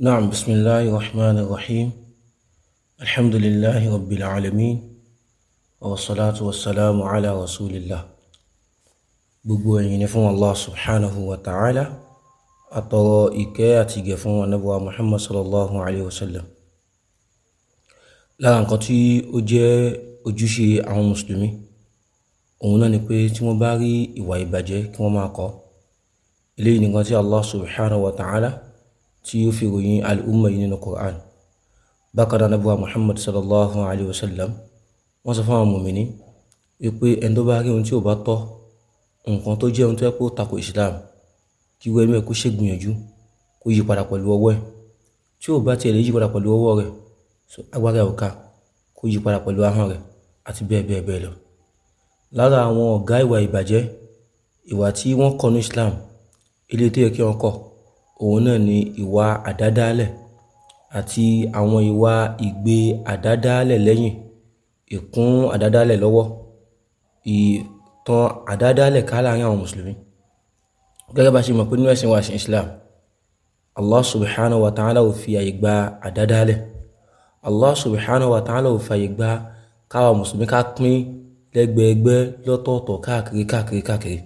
نعم بسم الله الرحمن الرحيم الحمد لله رب العالمين والصلاة والسلام على رسول الله gbogbo ẹ̀yìn ni fún allah subhanahu wa ta'ala àtọrọ ìkẹ́ àti ìgẹ̀ fún anábọ̀wá muhammad sallallahu alayhi wa sallam lára nǹkan tí ó jẹ́ ojúṣe àwọn mùsùlùmí òun náà ni pé tí wọ́n bá rí ìwà ìbàjẹ́ kí wọ́n máa kọ́ eléyìí nìkan tí allah subhanahu wa ta'ala tí ó fi ròyìn al'umma yìí nínú Qur'an bákan náà nàbúwà Muhammad sallallahu alayhi wa sallam wọ́n sọ fún àwọn mùmíní wípé ẹni tó bá rí ohun tí ò bá tọ́ nǹkan tó jẹ́ ohun tó yẹ tako Islam kí wẹ́ẹ́ mẹ́ẹ̀ kó ṣe gbìyànjú kó yí padà pẹ̀lú ọwọ́ ẹ̀ tí ò bá tiẹ̀ lè yí padà pẹ̀lú ọwọ́ rẹ̀ agbára ẹ̀ kó yí padà pẹ̀lú ahọ́n rẹ̀ àti bẹ́ẹ̀ bẹ́ẹ̀ bẹ́ẹ̀ lọ lára àwọn ọ̀gá ìwà ìbàjẹ́ ìwà tí wọ́n kọ́ ní Islam ilé tó yẹ kí wọ́n kọ́ Òun náà ni ìwà àdádálẹ̀ àti àwọn ìwà ìgbé àdádálẹ̀ lẹ́yìn, ìkún àdádálẹ̀ lọ́wọ́, ìtàn àdádálẹ̀ ká láàárín àwọn Mùsùlùmí. Gẹ́gẹ́ bá ṣe mọ̀ pé nínú ẹ̀sìn wa ẹ̀sìn Islam, Allah subhanahu wa ta'ala ò fi àyè gba àdádálẹ̀. Allah subhanahu wa ta'ala ò fi àyè gba káwa Mùsùlùmí ká pín lẹ́gbẹ̀ẹ́gbẹ́ lọ́tọ̀ọ̀tọ̀ káàkiri káàkiri káàkiri.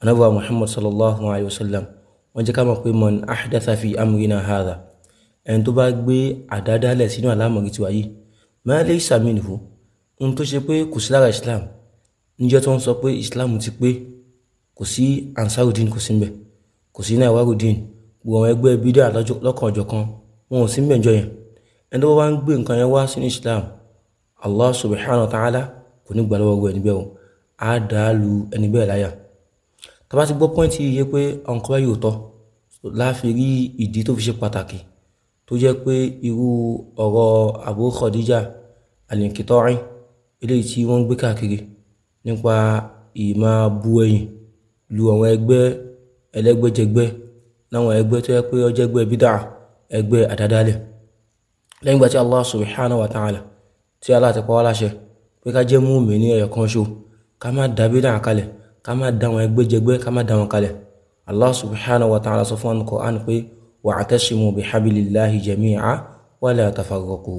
Ànábì Muhammad sallallahu alayhi wa wọ́n jẹ́ ká mọ̀ pé man ahdatha fi amrina hadha ẹni tó bá gbé àdádálẹ̀ sínú àlámọ̀rí tiwa yìí ma laysa minhu ń tó ṣe pé kò sí lára islam níjọ́ tó ń sọ pé islam ti pé kò sí ansarudin kò sí ń bẹ̀ kò sí nawarudin gbogbo àwọn ẹgbẹ́ bídà lọ́kàn ọjọ́ kan wọn ò sí ń bẹ̀jọ yẹn ẹni tó bá ń gbé nǹkan yẹn wá sínú islam allah subhanahu wa ta'ala kò ní gbà lọ́wọ́ ẹni bẹ́ẹ̀ o á dàá ẹni bẹ́ẹ̀ láyà tá a bá ti gbọ́ pọ́ìntì yìí yẹ pé àwọn kan báyìí ò tọ́ láàfin rí ìdí tó fi ṣe pàtàkì tó jẹ́ pé irú ọ̀rọ̀ Abu Khadija alinkitorin eléyìí tí wọ́n ń gbé káàkiri nípa ìmọ̀ bu ẹ̀yìn lu àwọn ẹgbẹ́ ẹlẹ́gbẹ́jẹgbẹ́ láwọn ẹgbẹ́ tó yẹ pé ó jẹ́ ẹgbẹ́ bídà ẹgbẹ́ àdádálẹ̀ lẹ́yìn ìgbà tí Allah subhanahu wa ta'ala tí Allah ti láṣẹ pé ká jẹ́ mùmínì ẹ̀yọ̀ kan ṣo ká má dá bídà kalẹ̀ ká má dá wọn ẹgbẹ́jẹgbẹ́ ká má dá wọn kalẹ̀ allah subhanahu wa ta'ala sọ fún wọn Qur'an pé wa'tasimu bihablillahi jami'a wala tafarraqu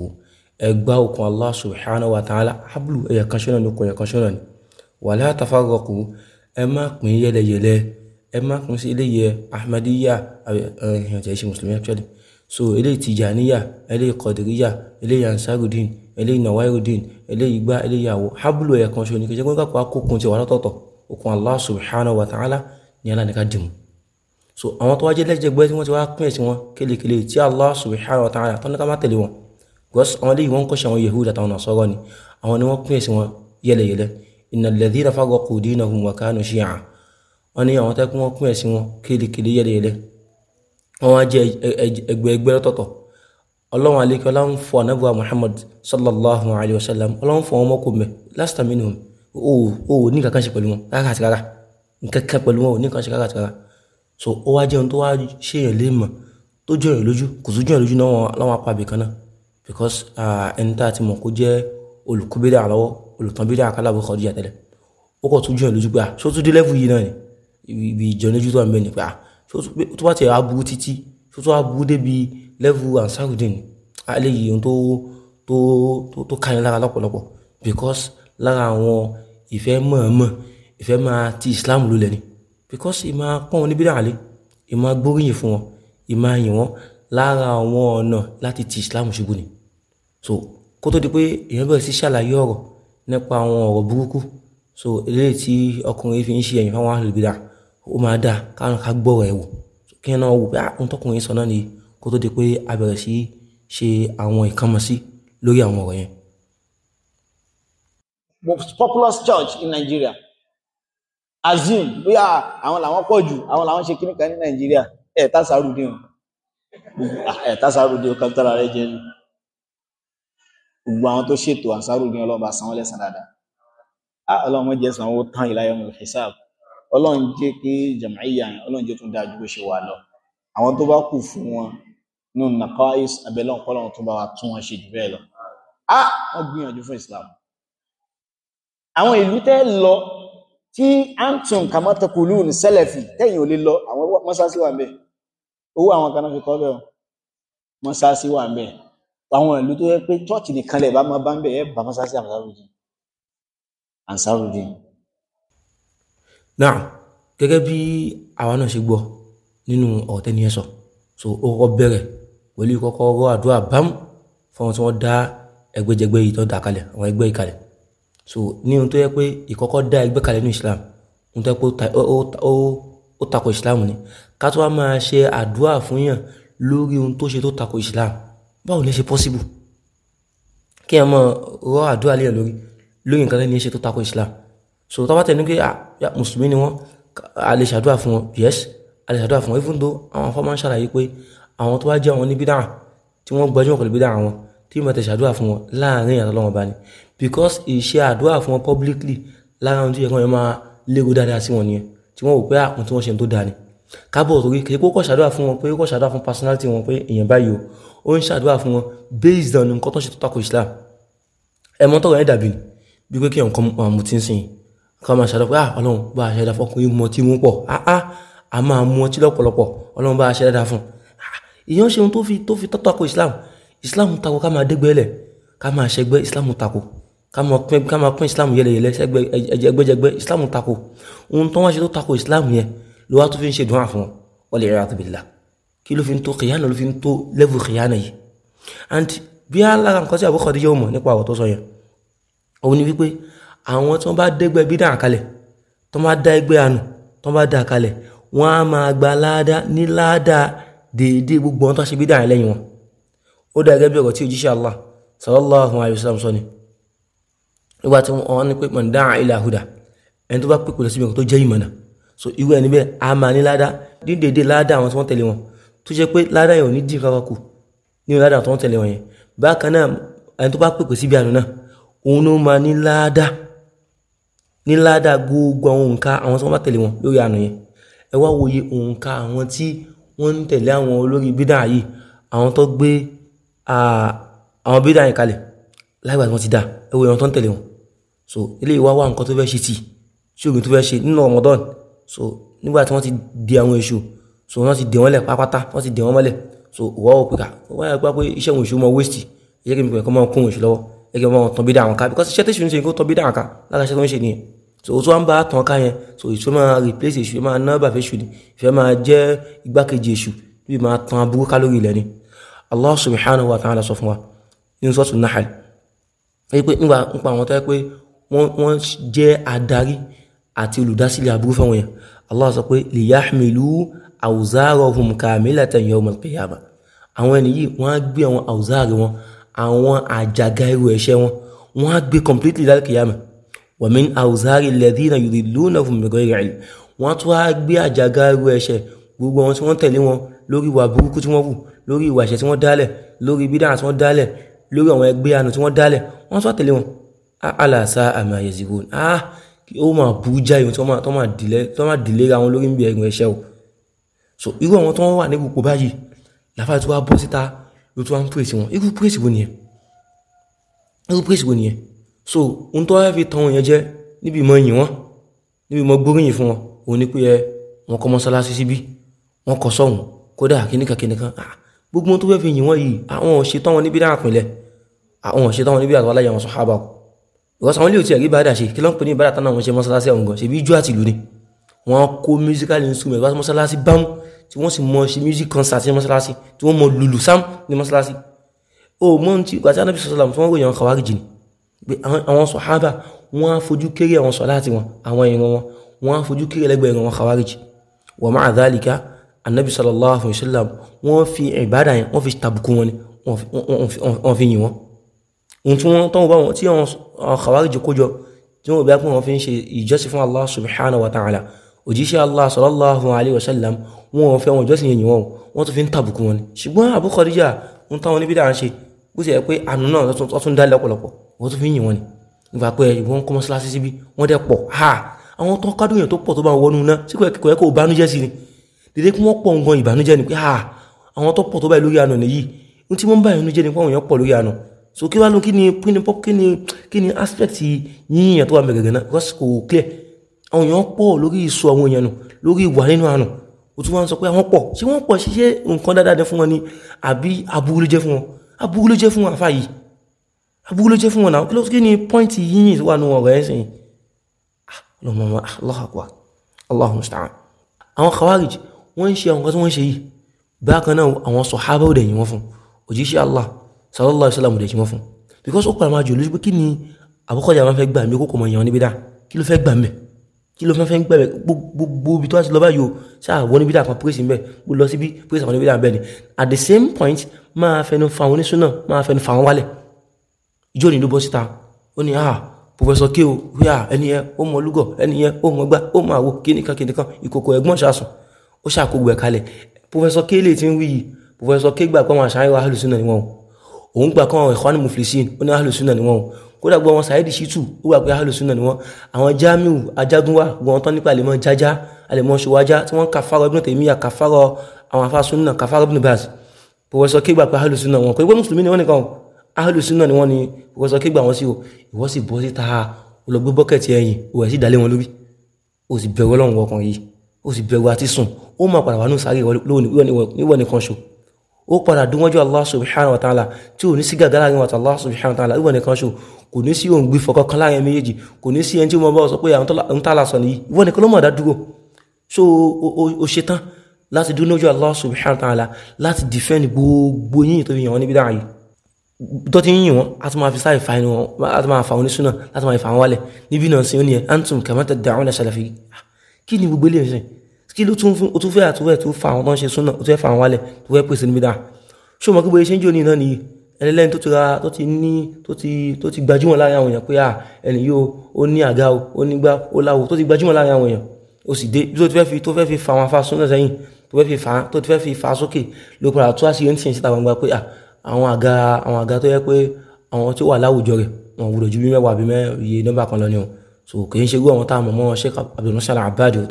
ẹgbà okùn allah subhanahu wa ta'ala hablu ẹ̀yà kan ṣọ́nà ní okùn ẹ̀yà kan ṣọ́nà ní wala tafarraqu ẹ má pín yẹlẹyẹlẹ ẹ má pín sí eléyẹ ahmadiyya ẹ̀yàn tẹ̀ ṣe mùsùlùmí actually so eléyìí tijaniya eléyìí kọdiriya eléyìí ansarudin eléyìí nawairudin eléyìí gbá eléyìí àwọ hablu ẹ̀yà kan ṣọ́nà ní kẹjẹ kó kàkọ́ okùn Allah subhanahu wa ta'ala ní aláǹdíká dìmú so àwọn tó wá jẹ́ lẹ́jẹ̀gbẹ́ tí wọ́n ti wá pín ẹ̀sìn wọn kélékèlé tí Allah subhanahu wa ta'ala tán ní ká má tẹ̀lé wọn gọ́sì àwọn léyìí wọ́n kọ́ṣẹ́ àwọn Yahuda àtàwọn Nasara ni àwọn ni wọ́n pín ẹ̀sìn wọn yẹlẹyẹlẹ innal ladhina farraqu dinahum wa kanu shi'a wọ́n ní àwọn tẹ́kún wọ́n pín ẹ̀sìn wọn kélékèlé yẹlẹyẹlẹ wọ́n wá jẹ́ ẹgbẹ́ ẹgbẹ́ lọ́tọ̀ọ̀tọ̀ ọlọ́run àlékọ́lá ń fọ anábùwà Muhammad sallallahu alayhi wa sallam ọlọ́run fọ wọn mọ́kò mẹ́ lasta minhum o ò ní kankan ṣe pẹ̀lú wọn rárá àti rárá nǹkan kan pẹ̀lú wọn ò ní kankan ṣe rárá àti so ó wá jẹun tó wá ṣèyàn lè mọ̀ tó jọ yàn lójú kò tún jọ yàn lójú láwọn apá ibìkan náà because ẹni tá a ti mọ̀ kó jẹ́ olùkúbédà lọ́wọ́ olùtànbédà akálábò kọjú àtẹlẹ ó kọ̀ tún jọ yàn lójú pé à ṣó tún dé lẹ́fù yìí náà ni ibi ìjọ lójú tó wà ń bẹ ni pé à tó bá tẹ̀ wá burú títí tó tó wá burú débi lẹ́fù ansarudin eléyìí ohun tó tó tó káyọ̀ lára lọ́pọ̀lọpọ̀ because lára àwọn ìfẹ́ mọ̀ọ́mọ̀ ìfẹ́ máa ti islam lulẹ̀ ni because ìmọ̀ pọ́n wọn níbí dàrẹ́ ìmọ̀ gbóríyìn fún wọn ìmọ̀ yìn wọn lára àwọn ọ̀nà láti ti islam ṣubú ni so kó tó di pé èèyàn bẹ̀rẹ̀ sí ṣàlàyé ọ̀rọ̀ nípa àwọn ọ̀rọ̀ burúkú so eléyìí tí ọkùnrin fi ń ṣe ẹ̀yìn fáwọn àlùbídà ó máa dáa káwọn ká gbọ́rọ̀ ẹ̀ wò kí ẹ náà wò pé àwọn ah, tọkùnrin sọ náà ni kó tó di pé a bẹ̀rẹ̀ sí ṣe àwọn ìkànnì sí lórí àwọn ọ̀rọ̀ yẹn most populous church in Nigeria assume bóyá àwọn làwọn pọ̀ jù àwọn làwọn ṣe kíníkan ní Nigeria ẹ̀ tásárùdé o ẹ̀ tásárùdé o kàpítàlà rẹ jẹ́ ní gbogbo àwọn tó ṣètò àsárùdé ọlọ́ba sanwó lẹ́sàn dáadáa ọlọ́run mọ́ jẹ́ sanwó tán ìláyọ̀mù ìfẹ́sáàbù ọlọ́run jẹ́ pé jàmáìyà yẹn ọlọ́run jẹ́ tó dáa ju bó ṣe wà lọ àwọn tó bá kù fún wọn nínú nàkọ́ abẹ́lọ́nkọ́ ọlọ́run tó bá wa tún wọn ṣe jù bẹ́ẹ̀ lọ. a wọ́n gbìyànjú fún Islam àwọn ìlú tẹ́ lọ tí antum kàmọ́tọ̀kùlù ní sẹ́lẹ̀fì tẹ́yìn ò lè lọ àwọn mọ́sáàsì wà bẹ́ẹ̀ owó àwọn kan náà fi kọ́ bẹ́ẹ̀ mọ́sáàsì wà bẹ́ẹ̀ àwọn ìlú tó yẹ pé chọ́ọ̀chì nìkan lẹ̀ bá máa bá ń bẹ̀ ẹ́ bá mọ́sáàsì ànsárùdín ànsárùdín. náà gẹ́gẹ́ bí àwa náà ṣe gbọ́ nínú ọ̀tẹ́ ni sọ so ó kọ́kọ́ bẹ̀rẹ̀ pẹ̀lú kọ́kọ́ ọ̀rọ̀ àdúrà bámú fáwọn tí wọ́n dá ẹgbẹ́jẹgbẹ́ yìí tó dà kalẹ̀ àwọn ẹgbẹ́ ìkalẹ̀ so ní ohun tó yẹ pé ìkọ́kọ́ dá ẹgbẹ́ kalẹ̀ ní islam ohun tó yẹ pé ó takò islam ni ká tó wá máa ṣe àdúrà fún yàn lórí ohun tó ṣe tó takò islam báwo lè ṣe possible kí ẹ mọ rọ àdúrà lẹ́yìn lórí lórí nǹkan lẹ́ni ṣe tó takò islam so tó bá tẹ̀ ní pé ah, mùsùlùmí ni wọ́n a lè ṣàdúrà fún wọn yes a lè ṣàdúrà fún wọn even though àwọn afọ máa ń ṣàlàyé pé àwọn tó wá jẹ́ àwọn ní bídà tí wọ́n gbajúmọ̀ pẹ̀lú bídà àwọn tí wọ́n ti ṣàdúrà fún wọn láàrin ìyàtọ̀ lọ́wọ́ because ìṣe àdúrà fún wọn publicly lára ohun tó yẹ kí wọ́n máa lérò dáadáa sí wọn nìyẹn tí wọ́n rò pé àkùn ah, tí wọ́n ṣe ń tó dáa ni kábọ̀ torí kì í kó kọ̀ ṣàdúrà fún wọn pé kó ṣàdúrà fún personality wọn pé èèyàn báyìí o ó ń ṣàdúrà fún wọn based on nǹkan tó ṣe tó tako Islam ẹ̀mọ́ tọrọ ẹ̀ dàbí bí pé kí ẹ̀ nǹkan máa mutí sìn ká máa ṣàdúrà pé ah Ọlọ́run bá a ṣe dáadáa fún ọkùnrin mu ọtí mu pọ̀ ah ah a máa mu ọtí lọ́pọ̀lọpọ̀ Ọlọ́run bá a ṣe dáadáa fún ah, ìyẹn ṣe ohun tó fi tó tako Islam Islam tako ká máa dégbẹ́lẹ̀ ká máa ṣẹgbẹ́ Islam tako kama pín kama pín islam yẹlẹyẹlẹ sẹgbẹ ẹgbẹjẹgbẹ islam tako ohun tó wá ṣe tako islam yẹn ló wá tó fi ń ṣe dùnà fún wọn lè rà tóbi la kí ló fi ń tó kìyànà ló fi ń tó lẹ́vù kìyànà and bí alága nǹkan tí àbúkọ̀ díjẹ́ mọ̀ nípa ọ̀rọ̀ tó sọ yẹn òun ni wípé àwọn tí wọ́n bá dẹ́gbẹ́ bí dáhà kalẹ̀ tí wọ́n bá dá ẹgbẹ́ àánú tí wọ́n bá dá kalẹ̀ wọ́n á máa gba láàdá ní láàdá déédéé gbogbo wọn tó ṣe bí dáhà lẹ́yìn wọn ó dá gẹ́gẹ́ bí ọ̀rọ̀ tí òjíṣẹ́ Allah sallallahu alayhi wa sallam sọ ni nígbà tí wọ́n ní pé man da'a ila huda ẹni tó bá pèpè lọ síbi nǹkan tó jẹ́ ìmọ̀nà so irú ẹni bẹ́ẹ̀ a máa ní ládá dídèdè ládá àwọn tí wọ́n tẹ̀lé wọn tó jẹ́ pé ládá yẹn ò ní dín kankan kù nínú ládá tó wọ́n tẹ̀lé wọn yẹn bákan náà ẹni tó bá pèpè síbi àná náà òun ló máa ní ládá ní ládá gbogbo àwọn òǹkà àwọn tí wọ́n bá tẹ̀lé wọn lórí àná yẹn ẹ wá wòye òǹkà àwọn tí wọ́n ń tẹ̀lé àwọn olórí bídà yìí àwọn tó gbé àwọn bídà yẹn kalẹ̀ láìpẹ́ àti wọ́n ti dá ẹ wòye àwọn tó ń tẹ̀lé wọn so eléyìí wá wá nǹkan tó fẹ́ ṣe tì tí oògùn tó fẹ́ ṣe nínú Ramadan so nígbà tí wọ́n ti di àwọn èṣù so wọ́n ti dè wọ́n lẹ̀ pápátá wọ́n ti dè wọ́n mọ́lẹ̀ so òwò àwọn òpìkà wọ́n yà gbá pé iṣẹ́ òun èṣù mọ waste ẹ̀yẹ́ kí n kọ́ máa kún òṣù lọ́wọ́ ẹ̀yẹ́ máa tàn bí dá àwọn ká because iṣẹ́ tẹ̀sùn ṣe kó tàn bí dá àwọn ká lára iṣẹ́ tó ń ṣe nìyẹn so o tó wá ń bá tàn ká yẹn so èṣù máa replace èṣù máa ná bàfẹ́ èṣù ni ìfẹ́ máa jẹ́ igbákejì èṣù bí máa tàn aburú ká lórí ilẹ̀ ni Allah subhanahu wa ta'ala sọ fún wa nínú sọ́ọ̀tún Nahl ẹ pé nígbà ń pa àwọn tó pé wọ́n wọ́n jẹ́ adarí àti olùdásílẹ̀ aburú fáwọn èèyàn Allah sọ pé liyahmilu awzarahum kamilatan yawmal qiyamah àwọn ẹni yìí wọ́n á gbé àwọn awzari wọn àwọn àjàgà irú ẹ̀ṣẹ̀ wọn wọ́n á gbé completely lal qiyamah wa min awzari alladhina yudillunahum bighayri ilm wọ́n á tún á gbé àjàgà irú ẹ̀ṣẹ̀ gbogbo àwọn tí wọ́n tẹ̀lé wọn lórí ìwà burúkú tí wọ́n wù lórí ìwà ẹ̀ṣẹ̀ tí wọ́n dálẹ̀ lórí bídà tí wọ́n dálẹ̀ lórí àwọn ẹgbẹ́ àna tí wọ́n dálẹ̀ wọ́n tún á tẹ̀lé wọn alàṣà àmì àyẹ̀sìbò ah ó máa bú jáì tí wọ́n máa dìlé ra wọn lórí ń bí ẹ̀rùn ẹ̀ṣẹ̀ o so irú àwọn tó wọ́n wà ní gbogbo báyìí làfáà tí wọ́n bọ́ síta ló tún wá ń pèsè wọn irú pèsè wo nìyẹn irú pèsè wo nìyẹn so ohun tó wá fi tan wọn yẹn jẹ níbi mọ yìn wọn níbi mọ gbóríyìn fún wọn òun ni pé ẹ wọn kọ́ mọ́sálásí síbí wọn kọ́ sọ́hùn kódà kíníkan kíníkan ah gbogbo ohun tó fẹ́ fi yìn wọn yìí àwọn ò ṣe tán wọn níbi dáhà pinlẹ̀ àwọn because àwọn ilé ò tí ẹ̀rí ìbádà ṣe kí ló ń pè ní ìbádà tánà wọn ṣe mọ́sálásí àwọn gan ṣe bí ijó àti ìlú ni wọ́n kó musical instrument wá sí mọ́sálásí bámú tí wọ́n sì mọ ṣe music concert ní mọ́sálásí tí wọ́n mọ lùlù sam ní mọ́sálásí o mọ ohun tí gbàtí anábì sọsọlá tí wọ́n ròyìn àwọn kàwárí jì ni pé àwọn sọ̀hábà wọ́n á fojú kéré àwọn sọ̀ láti wọn àwọn ìran wọn wọ́n á fojú kéré lẹ́gbẹ̀ẹ́ ìran wọn kàwárí jì wa ma'a dhalika anábì sallallahu alaihi wasallam wọ́n fi ìbádà yẹn wọ́n fi tàbùkù wọn ni wọ́n fi yìn wọn ohun tí wọ́n tọ́wọ́ bá wọn tí àwọn uh, khawarij kójọ tí wọ́n bá pé wọ́n fi ń ṣe ìjọsìn fún allah subhanahu wa ta'ala òjíṣẹ́ allah sallallahu alayhi wa sallam wọn ò fẹ́ wọn ìjọsìn yẹn wọn wọn tún fi ń tàbùkù wọn ni ṣùgbọ́n Abu Khadija ń táwọn níbi dáa ń ṣe bó ṣe yẹ pé àánú náà tó tún dá lọ́pọ̀lọpọ̀ wọ́n tún fi ń yìn wọn ni ìgbà pé ìwọ́n kọ́ mọ́ṣáláṣí síbi wọ́n dẹ̀ pọ̀ ha àwọn tó kádùn yẹn tó pọ̀ tó bá wọnú náà sí kò yẹ kó ìbànújẹ́ sí ni dédé kí wọ́n pọ̀ ngan ìbànújẹ́ ni pé ha àwọn tó pọ̀ tó báyìí lórí àná nìyí ní tí wọ́n bá ìbànújẹ́ ni pé àwọn èèyàn pọ̀ lórí àná so kí wá ló kí ni kí pop kí ni kí ni aspect yíyàn tó wà mẹ́gẹ̀gẹ̀ náà because kò clear àwọn èèyàn pọ̀ lórí ìsọ àwọn èèyàn nù lórí ìwà nínú àrùn ó tún wá ń sọ pé àwọn pọ̀ ṣé wọ́n pọ̀ ṣiṣẹ́ nǹkan dáadáa jẹ́ fún wọn ni àbí aburú ló jẹ́ fún wọn aburú ló jẹ́ fún wọn àfa yìí aburú ló jẹ́ fún wọn náà kí ló kí ni pọ́ìntì yíyìn tó wà nù ọ̀rọ̀ ẹ̀ sìn ah, ah, àwọn khawarij wọ́n ń ṣe àwọn Allah sallallahu alaihi wasallam ṣe mọ́ fún because ó padà máa jò lójú pé kí ni àbúkọ́ ìjà máa fẹ́ gbà mí kókò mọ̀ èèyàn níbi dá kí ló fẹ́ gbà mẹ́ kí ló fẹ́ gbà mẹ́ gbogbo ibi tó wá sí lọ báyìí o ṣáàwọ́ níbi dá kan praise mẹ́ gbogbo lọ síbi praise àwọn níbi dá bẹ́ẹ̀ ni at the same point máa fẹnu fa àwọn oníṣúná máa fẹnu fa àwọn wálẹ̀ ìjọ òní ló bọ́ síta ó ní ah professor k o wíà ẹni yẹn ó mọ olúgọ ẹni yẹn ó mọ gbá ó mọ àwo kíníkan kíníkan ìkòkò ẹ̀gbọ́n ṣàṣùn ó ṣàkógbò ẹ̀ kalẹ̀ professor k lè ti ń wí yìí professor k gbà pé àwọn àṣà ń wá àlùsùn náà ni wọn o òun gbà kan àwọn Ikhwanul Muflisin ó ní ahlùsúnà ni wọ́n o kódà gbọ́ wọn Saidi Shittu ó wà pé ahlùsúnà ni wọ́n àwọn Jamiu Ajagunwa wọn tán nípa àlèmọ́ jájá àlèmọ́ ṣòwájá tí wọ́n kàfàrọ̀ Ibn Taymiyyah kàfàrọ̀ àwọn afásúnà kàfàrọ̀ Ibn Baz pọ̀wọ́sọ kégbà pé ahlùsúnà wọn kò pé mùsùlùmí ni wọ́n nìkan ahlùsúnà ni wọ́n ni pọ̀wọ́sọ kégbà wọn sí o ìwọ́ sì bọ́ síta olùgbé bọ́kẹ̀tì ẹ̀yìn òwẹ̀ sí ìdálé wọn lórí ó sì bẹ̀rù ọlọ́run ọkàn yìí ó sì bẹ̀rù àti sùn ó máa padà wà ní sáré ìwọ nìkan ṣo ó padà dúnwọ́jú Allah subhanahu wa ta'ala tí ò ní sí gàgà láàrin wàtà Allah subhanahu wa ta'ala ìwọ̀n nìkan ṣo kò ní sí òun gbé fọkàn kan láàrin méjèèjì kò ní sí ẹni tí mo bá sọ pé àwọn tààlà sọ nìyí ìwọ̀n nìkan ló mọ̀ dádúró so o ṣe tán láti dúnwọ́jú Allah subhanahu wa ta'ala láti dìfẹ́ǹdì gbogbo yínyìn tó fi yàn wọ́n níbi dáhàyè tó ti wọn a ti máa fi sáì fa inú wọn a ti máa fa wọn ní súnà láti máa fa wọn wálẹ̀ níbi náà sí kí ló tún fún o tún fẹ́ àtúwẹ̀ tó fa àwọn tó súnà o tún fẹ́ fa àwọn wálẹ̀ tó fẹ́ pèsè níbi dáa ṣé o mọ̀ gbogbo iṣẹ́ ń jò ní iná nìyí ẹlẹ́lẹ́ni tó ti ra tó ti ní tó ti gbajúmọ̀ láàrin àwọn èèyàn pé à ẹni yóò ó ní àga o ó ní gbá ó láwo tó ti gbajúmọ̀ láàrin àwọn èèyàn o sì dé tó ti fẹ́ fi tó fẹ́ fi fa àwọn afa súnà sẹ́yìn tó fẹ́ fi fa tó ti fẹ́ fi fa sókè ló padà tó àṣírí ní tìǹsì tàwọn gba pé à àwọn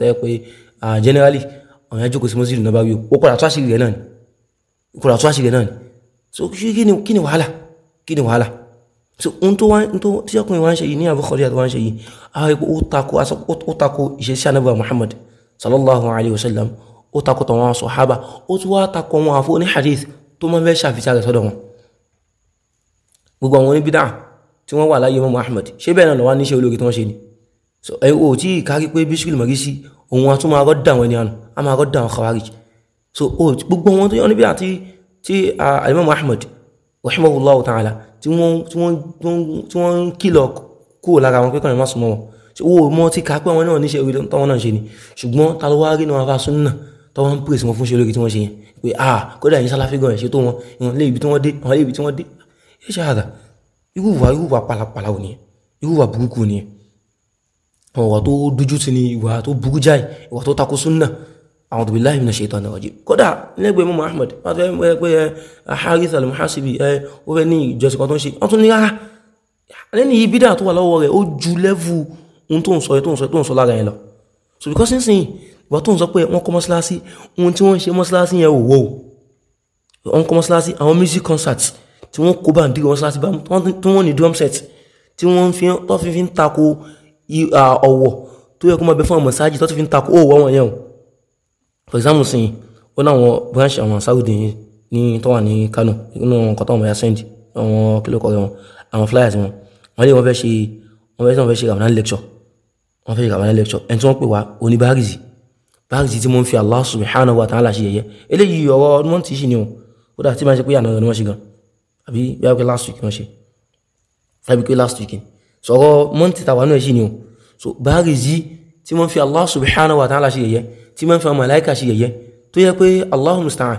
àga generally àwọn yẹn jókòó sí mọ́sílù náà bá wí ó padà tó àṣírí rẹ̀ náà ni ó padà tó àṣírí rẹ̀ náà ni so kí ni wàhálà kí ni wàhálà so ohun tó wọ́n tó tí ọkùnrin wa ń ṣe yìí ní àbúkọ̀rí àti wa ń ṣe yìí àwọn ipò ó tako ìṣesí anábà Muhammad sallallahu alayhi wa sallam ó tako tàwọn sọ̀hábà ó tún wá tako wọn àfọ ní hadith tó máa ń fẹ́ ṣàfihàn rẹ̀ sọ́dọ̀ wọn gbogbo àwọn oníbídà tí wọ́n wà láyé mọ́mọ́ Ahmad ṣé bẹ́ẹ̀ náà lọ́wọ́ níṣẹ́ olóore tí wọ́n ṣe ni so ẹ̀ o tí ì kárí pé bísíkìlì mọ̀gí sí òun àtún máa rọ́ dà wọ́n ẹni àná a máa rọ́ dà khawarij so o gbogbo wọn tó yọ níbi àti tí alimami ahmed rahimahullah ta'ala tí wọ́n tí wọ́n ń kìlọ̀ kúrò lára wọn pé kọ́ni súnmọ́ wọn so o mọ ti kà pé àwọn náà níṣẹ́ orí tọ́wọ́n náà ṣe ni ṣùgbọ́n ta ló wá rí náà afa sunna tọ́wọ́n ń pèsè wọn fún ṣe lórí tí wọ́n ṣe yẹn pé ah kódà yín sáláfí gan ẹ̀ ṣe tó wọn ìwọ̀n lé ibi tí wọ́n dé àwọn lé ibi tí wọ́n dé ẹ ṣe àrà irú ìwà pàlàpàlà ò nìyẹn irú ìwà burúkú nìyẹn ìwà tó dojú ti ni ìwà tó burú jáì ìwà tó takò súnà àwọn tó bí láì nà ṣètò àwọn ọjọ́ kódà lẹ́gbẹ̀ẹ́ mọ́mọ́ ahmed wọ́n fẹ́ mọ́ pé Harith al-Muhasibi ẹ ó fẹ́ ní ìjọsìn kan tó ń ṣe wọ́n tún ní rárá ah, lẹ́ni yìí bídà tó wà lọ́wọ́ rẹ̀ ó ju lẹ́vù ohun tó ń sọ tó ń sọ so because nísìnyí ìwà tó ń sọ pé wọ́n kọ́ mọ́ṣáláṣí ohun tí music concerts tí wọ́n kó bá ń dí drum set tí wọ́n fi ọ̀wọ̀ tó yẹ kó máa bẹ fún àwọn mọ̀sáàjì tó ti fi ń takò òwò àwọn yẹn o for example sìn ó láwọn branch àwọn Saudi ní tó wà ní Kano nínú àwọn nǹkan tó wọn bá yá send àwọn kílòkọ rẹ wọn àwọn flyers wọn wọn lé wọn fẹ́ ṣe wọn fẹ́ ṣe wọn fẹ́ ṣe Ramadan lecture wọn fẹ́ ṣe Ramadan lecture ẹni tí wọ́n pè wá oníbàárìzì báàgì tí mo ń fi Allah subhanahu wa ta'ala ṣe yẹ̀yẹ́ eléyìí ọ̀rọ̀ ọdún mọ́ntì ṣì ni o kódà tí máa ṣe pé àná ọ̀rọ̀ ni wọ́n ṣe gan àbí bí wọ́n pé last week wọ́n ṣe àbí pé last week ni sọ̀rọ̀ mọ́ntìtà wà náà sí ni o so Barizi tí wọ́n fi Allah subhanahu wa ta'ala sí yẹ̀yẹ́ tí wọ́n fi àwọn màláìkà sí yẹ̀yẹ́ tó yẹ pé Allahul musta'an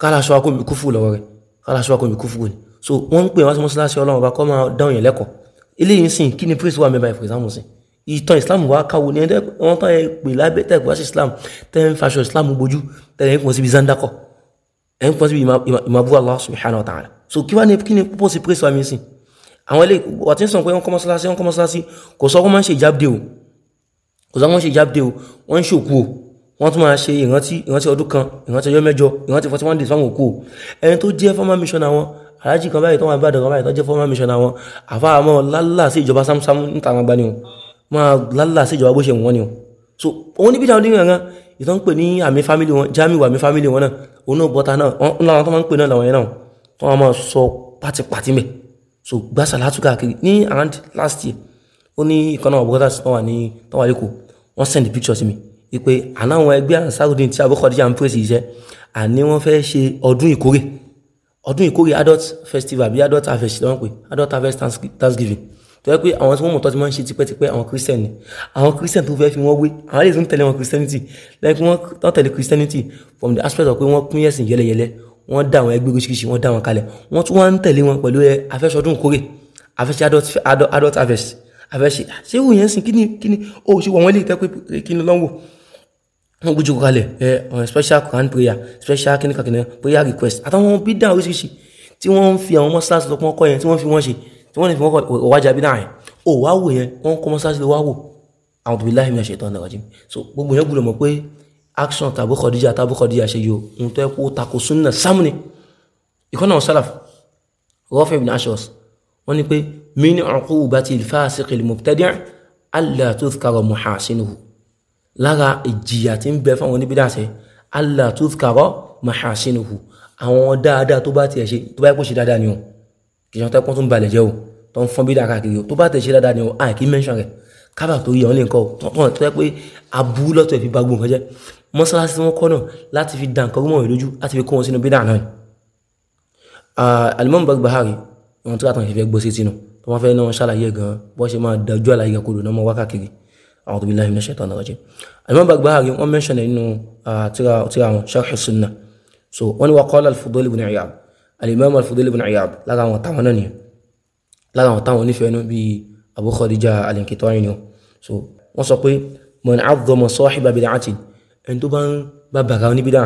kálá aṣọ akómi kúfù lọ́wọ́ rẹ̀ kálá aṣọ akómi kúfù ni so wọ́n ń pè wá sí mọ́sálásí ọlọ́run ọba kọ́ máa dáhùn yẹn lẹ́kọ̀ọ́ eléyìí sìn kí ni praise wà mẹ́bàá ìfòrìsà mọ̀ sí ìtàn Islam wa káwo ni wọ́n tán ẹ pè lábẹ́ tẹ̀kọ́ sí Islam tẹ́ ń faṣọ Islam bójú tẹ́ ń pọ̀ síbi zandakọ̀ ẹ̀ ń pọ̀ síbi ìmàbú Allah subhanahu wa ta'ala so kí wá ni kí ni púpọ̀ sí praise wà mí sìn àwọn ilé wà tí ń sọ pé wọ́n kọ́ mọ́sálásí wọ́n kọ́ mọ́sálásí kò sọ wọ́n máa ń ṣe ìjábdé o kò sọ wọ́n ṣe ìjábdé o wọ́n ń ṣòkú o wọ́n tún máa ṣe ìrántí ìrántí ọdún kan ìrántí ọjọ́ mẹ́jọ ìrántí forty one days fáwọn òkú o ẹni tó jẹ́ former missioner wọn aláàjì kan báyìí tó wọn àbádọ kan báyìí tó jẹ́ former missioner wọn àfàmọ́ lálà sí ìjọba sámsám níta àwọn agbani o máa lálà sí ìjọba bó ṣe wọ́n ni o so òun níbi dáwọn onírin ẹ̀ràn ìtọ́ ń pè ní àmì family wọn jamiu àmì family wọn náà òun náà bọ́ta náà ńlá wọn tó máa ń pè náà làwọn yẹn náà tó máa sọ pátípátí mẹ́ẹ̀ so gbá sàlátù káàkiri ní around last year ó ní ìkànnà ọ̀bọ̀gọ́dà tó wà ní tó wà lẹ́kọ̀ọ́ wọ́n send picture sí mi pé àná àwọn ẹgbẹ́ ansarudin tí abúkọ̀díjà ń pèsè iṣẹ́ àní wọ́n fẹ́ ṣe ọdún ìkórè ọdún ìkórè adult festival bí adult harvest lọ́wọ́n pé adult harvest thanksgiving tó yẹ pé àwọn tí wọ́n mọ̀ tó ti máa ń ṣe tipẹ́tipẹ́ àwọn christian ni àwọn christian tó fẹ́ fi wọ́n wé àwọn lè tún tẹ̀lé wọn christianity lẹ́yìn pé wọ́n tẹ̀lé christianity from the aspect of pé wọ́n pín ẹ̀sìn yẹlẹyẹlẹ wọ́n dá àwọn ẹgbẹ́ oríṣiríṣi wọ́n dá wọn kalẹ̀ wọ́n tún wá ń tẹ̀lé wọn pẹ̀lú ẹ afẹ́sọdún kórè afẹ́sẹ adult adult harvest afẹ́sẹ ah, ṣé yẹn sìn kí ni kí ṣe wọ̀ lè tẹ́ pé kí ni lọ́wọ́ gbójú kó kalẹ̀ ẹ special Quran prayer special kíníkà kíníkà prayer request àtàwọn bí dá oríṣiríṣi tí wọ́n fi àwọn mọ́ṣáláṣí lọ́pọ̀ kọ́ yẹn tí wọ́n fi wọ́n ṣe tí wọ́n fi wọ́n kọ́ ọ̀wájà bí náà yẹn ó wá wò yẹn wọ́n kọ́ mọ́ṣáláṣí lọ́wọ́ wò àwọn tóbi láì mi àṣetán ọ̀nà ọ̀jìn so gbogbo yẹn gbúdọ̀ mọ̀ pé action tàbí Khadija tàbí Khadija ṣe yóò ohun tó yẹ kó tako súnà sámúni ìkọ́nà àwọn sálàf Rafi ibn Ash'as wọ́n ní pé min uqubati al-fasiqi al-mubtadi' alla tuzkara mahasinuhu lára ìjìyà tí ń bẹ fáwọn oníbídàṣẹ́ alla tuzkara mahasinuhu àwọn dáadáa tó bá tiẹ̀ ṣe tó bá yẹ kó ṣe dáadáa ni o kì í ṣe tó yẹ kó tún balẹ̀ jẹ́ o tó ń fọ́n bídà káàkiri o tó bá tiẹ̀ ṣe ni o àìkí mẹ́ńṣọ̀n rẹ̀ kábà tó yọ ọ́ lè kọ́ tọ́tọ́n tó yẹ pé abú lọ́tọ̀ ẹ̀ fi ba gbogbo nǹkan jẹ́ mọ́sálásí tí wọ́n kọ́ náà láti fi dàn kọ́gbọ́n wọn lójú láti fi kó wọn sínú bídà náà alimami Barbahari wọn tó kà tán ìfẹ́ gbọ́ sí tinú tó wọ́n fẹ́ náà ṣàlàyé gan bọ́ ṣe máa dájú àlàyé gan kodò náà mọ́ wákàkiri àwọn tóbi láì mẹ́ṣẹ́ tán lọ́jẹ́ alimami Barbahari wọ́n mẹ́ṣẹ̀ nínú tíra wọn Sharh Sunnah so wọ́n ni wà qala al-Fudayl ibn Iyad alimami al-Fudayl ibn Iyad lára àwọn táwọn náà nìyẹn lára àwọn so wọ́n sọ pé man azzama sahiba bid'ati ẹni tó bá ń bá bàrà oníbídà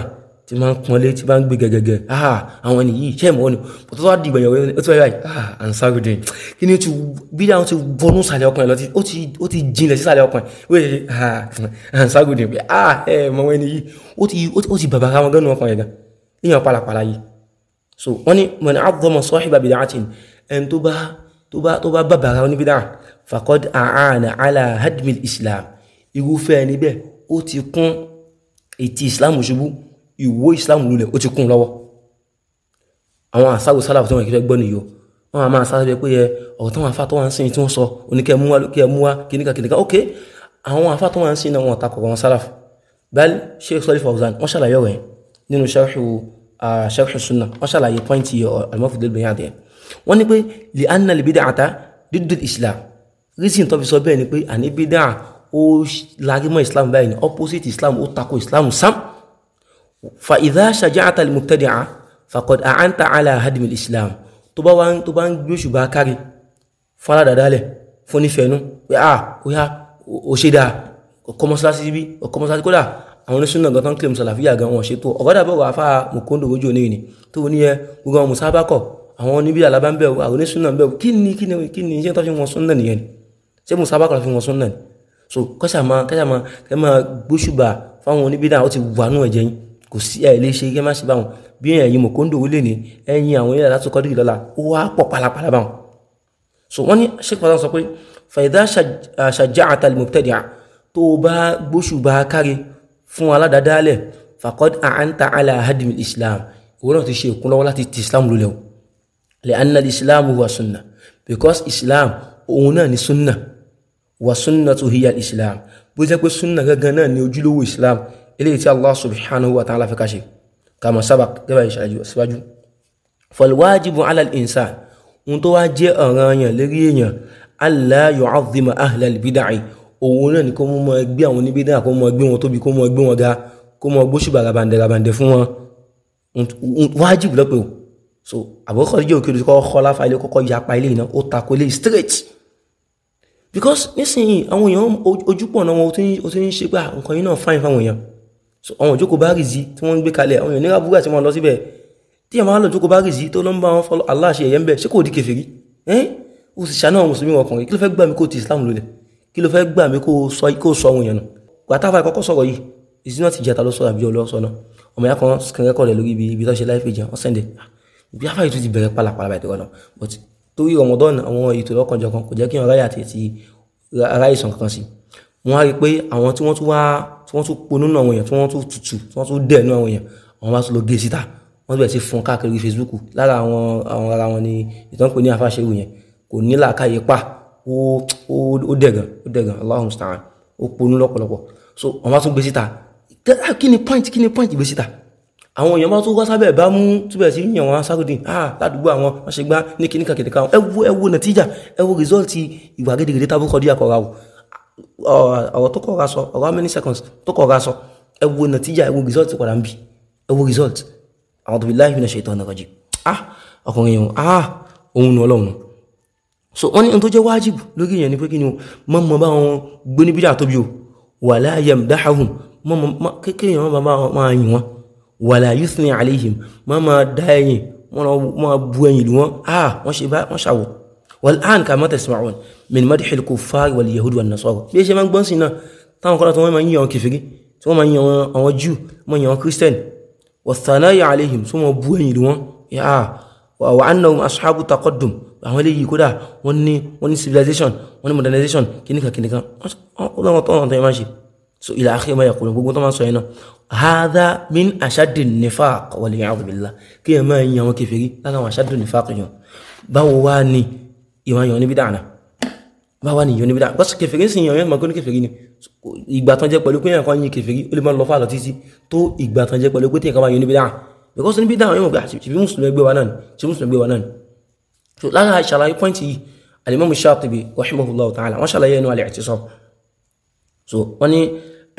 tí máa ń pọnlé tí máa ń gbé gẹ́gẹ́gẹ́ ah àwọn ẹni yìí ṣẹ́ẹ̀mọ́ ni kò tó wá di ìgbẹ̀yẹ̀wé ó ti wáyé báyìí ah Ansarudeen kí ni ó ti bídà ó ti wọnú sàlẹ̀ ọkàn ẹ̀ lọ ó ti jinlẹ̀ sí sàlẹ̀ ọkàn ẹ̀ wíyẹ ah Ansarudeen pé ah ẹ mọ ẹni yìí ó ti bàbàrà wọn gẹ́nu ọkàn ẹ̀ gan èèyàn pàlàpàlà yìí so wọ́n ní man azzama sahiba bid'ati ẹni tó bá bàbàrà oníbídà fakọ́d àhánà àlà hadmil islam irúfẹ́ ẹni bẹ́ẹ̀ ó ti kún ètí islam ṣubú ìwó islam lulẹ̀ ó ti kún lọ́wọ́ àwọn àsáwò sálàfù tí wọ́n kí fẹ́ gbọ́ nìyó wọ́n a máa sáré pé ẹ ọ̀rọ̀ táwọn afá tó wà ń sìn tí wọ́n sọ oníkẹ́ múwa kí ẹ múwa kìnníkà kìnníkà ok àwọn afá tó wà ń sìn náà wọ́n takọ̀ wọn sálàfù bẹ́ẹ̀ sheikh sọ́lí fawzan wọ́n ṣàlàyé ọ̀rẹ́ nínú sharhu reason tó fi sọ bẹ́ẹ̀ ni pé àníbídà ó larimọ́ islam báyìí ni opposite islam ó tako islam sam fa idha shaja'ata al-mubtadi'a faqad a'anta ala hadmi islam tó bá wá tó bá ń gbé òṣùbà kárí fún aládàdálẹ̀ fún nífẹ̀ẹ́nu pé à ah, kóyá ó ṣe dáa ọkọ mọ́sálásí síbí ọkọ mọ́sálásí kódà àwọn oníṣúná gan tán kílèmù sàlàfíà gan wọn ṣètò ọ̀gọ́dà bọ̀ wàá fà mùkúndò ojú òní ni tó ní ẹ gbogbo àwọn mùsábàkọ̀ àwọn oníbí alábàńbẹ̀ àwọn oníṣúná bẹ̀ kí ni kí ni iṣẹ́ tó fi wọn súnà nìyẹn ni ṣé mo sábà kan fi wọn súnà so kọ́sà máa kọ́sà máa kẹ́ máa gbóṣùbà fáwọn oníbídà ó ti wà nù ẹ̀jẹ̀ yín kò sí ẹ̀ lè ṣe kẹ́ má ṣe báwọn bí ẹ̀yin mọ̀kóńdò wọlé ní ẹ̀yin àwọn ilé àlátúkọ́ dìgì lọ́la ó wá pọ̀ pàlàpàlà báwọn so wọ́n ní sheikh fasan sọ pé fàyídá ṣàjá àtàlì mọ̀tẹ́dìá tó bá gbóṣùbà kárí fún aládàádálẹ̀ fàkọ́d àǹtà aláhàdìm islam ìwọ́n náà ti ṣe ìkúnlọ́wọ́ láti ti islam because islam òun náà ni sunna wa sunnatu hiya islam bó jẹ́ pé sunna gangan náà ni ojúlówó islam eléyìí tí allah subhanahu wa ta'ala fi ká ṣe kama sabak gẹ́gẹ́ bá ṣe síwájú falwajibu ala al-insan ohun tó wá jẹ́ ọ̀ranyàn lérí èèyàn alla yu'azzima ahla al-bid'ah òun náà ni kó mú mọ ẹgbẹ́ àwọn oníbídà kó mọ ẹgbẹ́ wọn tóbi kó mọ ẹgbẹ́ wọn ga kó mọ gbóṣùbà rabandẹ rabandẹ fún wọn wájìbù lọ́pẹ́ o so àbúkọ̀ ìjọ òkèlú kọ́ kọ́ láfa ilé kọ́kọ́ yapa ilé iná ó takò ilé straight because nísìnyí àwọn èèyàn ojúpọ̀ náà wọn ó ti ń ṣe pé nǹkan yìí náà fáyín fáwọn èèyàn so àwọn òjókòó bá rì sí tí wọ́n ń gbé kalẹ̀ àwọn èèyàn ní àbúrò àti wọn lọ síbẹ̀ tí àwọn alòjókòó bá rì sí tó ló ń bá wọn fọlọ́ Allah ṣe ẹ̀yẹ́ ń bẹ̀ ṣé kò di kèfèrí ẹ́n ó sì ṣàánú àwọn mùsùlùmí ọkùnrin kí ló fẹ́ gbà mí kó ti Islam lulẹ̀ kí ló fẹ́ gbà mí kó sọ àwọn èèyàn nù gbàtàfà ìkọ́kọ́ sọ̀rọ̀ yìí ìsinú àti ìjàta ló sọ̀rọ̀ àbí ọlọ́sọ̀ náà ọmọ ya kan screen record lórí ibi tó ṣe live page wọn sẹ́ndẹ̀ ìgbéyàwó yìí tún ti bẹ̀rẹ̀ pálapàla báyìí tó kọ́ náà but torí Ramadan àwọn ètò lọ́kànjọ̀kan kò jẹ́ kí wọ́n ráyà tètè ara ìsàn kankan sí wọ́n á rí i pé àwọn tí wọ́n tún wá tí wọ́n tún ponú àwọn èèyàn tí wọ́n tún tutù tí wọ́n tún dẹ̀ nù àwọn èèyàn àwọn bá tún lọ gé síta wọ́n bẹ̀rẹ̀ sí fún káàkiri Facebook lára àwọn àwọn ara wọn ni ìtàn pé ní afáṣẹ́wò yẹn kò ní làákàyè pa ó ó dẹ̀gàn ó dẹ̀gàn Allahu musta'an ó ponú lọ́pọ̀lọpọ̀ so àwọn bá tún gbé síta kí ni point kí ni point gbé síta àwọn èèyàn máa tún wá sábẹ̀ bá mú túbẹ̀ sí yàn wọn sáàkùdín ah ládùúgbò àwọn wọ́n ṣe gbá ní kíní kàkìtì kan ẹwú ẹwú nàtíjà ẹwú rìsọ́ọ̀tì ìwà gẹ́gẹ́gẹ́ tábù kọ́ díà kọ̀ra ọ̀rọ̀ tó kọ̀ra sọ ọ̀rọ̀ how many seconds tó kọ̀ra sọ ẹwú nàtíjà ẹwú rìsọ́ọ̀tì padà ń bì ẹwú rìsọ́ọ̀tì àwọn tóbi láì fi ṣètò ọ̀nà rọ̀jì ah ọkùnrin yẹn ah òun nu ọlọ́run so wọ́n ní n tó jẹ́ wájìbù lórí èèyàn ni pé kí ni o mọ́ mọ́ bá wọn gbé níbi dà tóbi o wala yamdahum mọ́ mọ́ kéèyàn máa yìn wàlà yuthni alayhim wọ́n máa dá ẹ̀yìn wọ́n máa bu ẹ̀yìn lù wọ́n a wọ́n ṣe bá wọ́n ṣàwọ̀ wal an kama tasma'un min madhil kuffar wal yahud wan nasara bí ẹ ṣe máa ń gbọ́n sí náà táwọn kọ́lá tó wọ́n máa ń yí àwọn kìfìrí tí wọ́n máa ń yí àwọn Júù wọ́n yí àwọn kírísítẹ́nì wàtànáyà aléhìm tó wọ́n bú ẹ̀yìn rí wọ́n annahum ashabu taqaddum àwọn eléyìí kódà wọ́n ní civilization wọ́n ní modernization kìnnìkan kìnnìkan ọlọ́run tó wọ́n tó yẹ máa ṣe so ilà àkè bá yàkùnrin gbogbo tó máa sọ yẹn náà hadha min ashaddi nifaq wal iyadhu billah kí ẹ máa yan àwọn kèfèrí lára àwọn ashaddi nifaq yàn báwo wá ni ìwà yàn níbi dáná báwo wá ni yàn níbi dáná bọ́sù kèfèrí sì yàn yàn máa gbóni kèfèrí ni ìgbà tán jẹ́ pẹ̀lú pé yàn kan yin kèfèrí ó lè máa lọ fà lọ títí tó ìgbà tán jẹ́ pẹ̀lú pé téèyàn kan máa yàn níbi dáná because níbi dáná yóò gbà ṣe mùsùlùmí ẹgbẹ́ wa náà ni ṣe mùsùlùmí ẹgbẹ́ wa náà ni so lára ṣàlàyé pọ́ìntì yìí alimami Shatibi rahimahullahu ta'ala wọ́n ṣàlàyé ẹnu al-i'tisam so wọ́n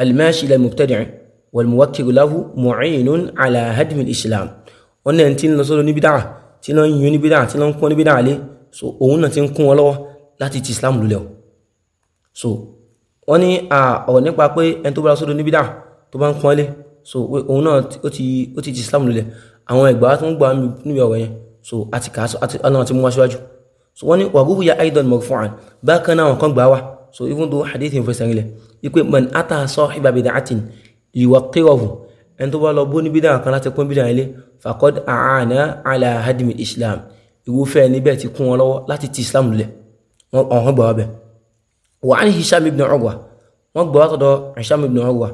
alimaashi ilẹ̀ mubtadi'in wàlmùwákìrì له معين على هدم islam wọn náà ti ń lọ sọ́dọ̀ níbi dáa tí lọ ń yun níbi dáa tí lọ ń kún níbi dáa lé so òun náà ti ń kún wọn lọ́wọ́ láti ti islam lulẹ̀ o so wọ́n ní ọ̀rọ̀ nípa pé ẹni tó bá sọ́dọ̀ níbi dáa tó bá ń kún lé so òun náà ó ti ó ti ti islam lulẹ̀ àwọn ẹ̀gbá tó ń gbà níbi ọ̀rọ̀ yẹn so àti kàá àti ọlọ́run ti mú wá síwájú so wọ́n ní wàgúwìyà aidan mọ̀fọ́n bákan náà wọn kan gbà wá so even though hadith yẹn fẹsẹ̀ rinlẹ̀ ipe man ata sahiba bid'atin yuwaqqiruhu ẹni tó bá lọ bó ní bídà kan láti pín bídà ilé faqad a'ana ala hadmi islam ìwúfẹ́ níbẹ̀ ti kún wọn lọ́wọ́ láti ti islam lulẹ̀ wọn ọ̀hún gbà wá wa an hisham ibn urwa wọn gbà wá tọ̀dọ̀ hisham ibn urwa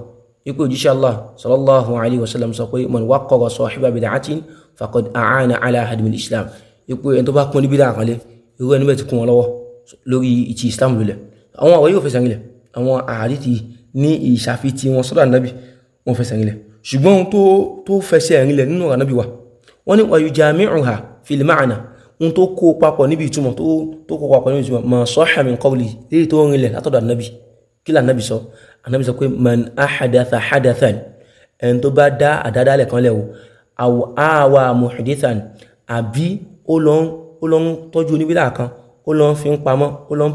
ipe òjíṣẹ́ allah sallallahu alayhi wa sallam sọ man waqqara sahiba bid'atin faqad a'ana ala hadmi islam ipe ẹni tó bá pín ní kan lé irú ẹni bẹ́ẹ̀ ti kún wọn lọ́wọ́ lórí ìtì islam lulẹ̀ àwọn àwọn yóò fẹsẹ̀ rinlẹ̀ àwọn àdìtì ní ìṣàfitì wọn sọ́dọ̀ ànábì wọn fẹsẹ̀ rinlẹ̀ ṣùgbọ́n ohun tó tó fẹsẹ̀ rinlẹ̀ nínú ọ̀rọ̀ ànábì wa wọ́n ní wàyù jami'uha fil ma'na ohun tó kó papọ̀ níbi ìtumọ̀ tó tó kó papọ̀ níbi ìtumọ̀ mà sahha min qawli léyìí tó rinlẹ̀ látọ̀dọ̀ ànábì kí là ànábì sọ ànábì sọ pé man ahadatha hadathan ẹni tó bá dá àdádálẹ̀ kan lẹ̀ o àwọ̀ àwa muhdithan àbí ó lọ ń tọ́jú oníbílà kan ó lọ ń fi ń pamọ́ ó lọ ń